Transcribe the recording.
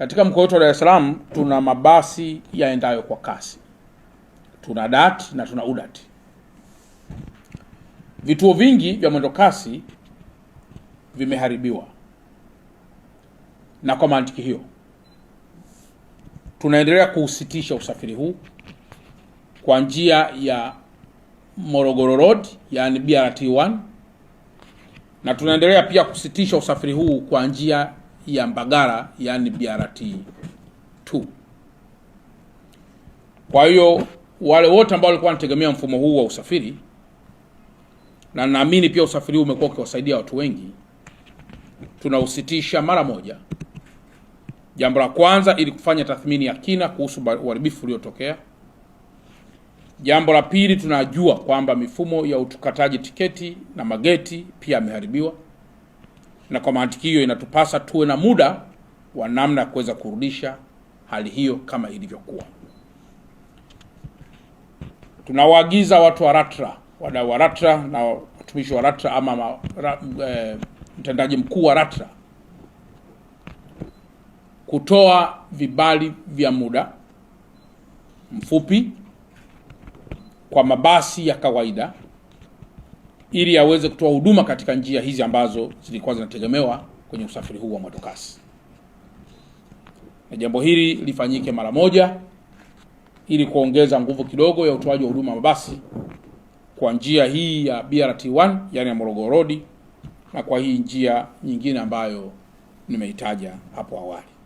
Katika mkoa wetu wa Dar es Salaam tuna mabasi yaendayo kwa kasi, tuna dati na tuna udati. Vituo vingi vya mwendo kasi vimeharibiwa, na kwa mantiki hiyo tunaendelea kuusitisha usafiri huu kwa njia ya Morogoro Road, yani BRT1, na tunaendelea pia kusitisha usafiri huu kwa njia ya Mbagala yani BRT 2. Kwa hiyo wale wote ambao walikuwa wanategemea mfumo huu wa usafiri, na naamini pia usafiri huu umekuwa ukiwasaidia watu wengi, tunausitisha mara moja. Jambo la kwanza, ili kufanya tathmini ya kina kuhusu uharibifu uliotokea. Jambo la pili, tunajua kwamba mifumo ya utukataji tiketi na mageti pia yameharibiwa na kwa mantiki hiyo inatupasa tuwe na muda wa namna ya kuweza kurudisha hali hiyo kama ilivyokuwa. Tunawaagiza watu wa LATRA, wadau wa LATRA na watumishi wa LATRA ama ma, ra, e, mtendaji mkuu wa LATRA kutoa vibali vya muda mfupi kwa mabasi ya kawaida ili aweze kutoa huduma katika njia hizi ambazo zilikuwa zinategemewa kwenye usafiri huu wa mwendokasi, na jambo hili lifanyike mara moja ili kuongeza nguvu kidogo ya utoaji wa huduma mabasi kwa njia hii ya BRT1 yani ya Morogoro Road na kwa hii njia nyingine ambayo nimeitaja hapo awali.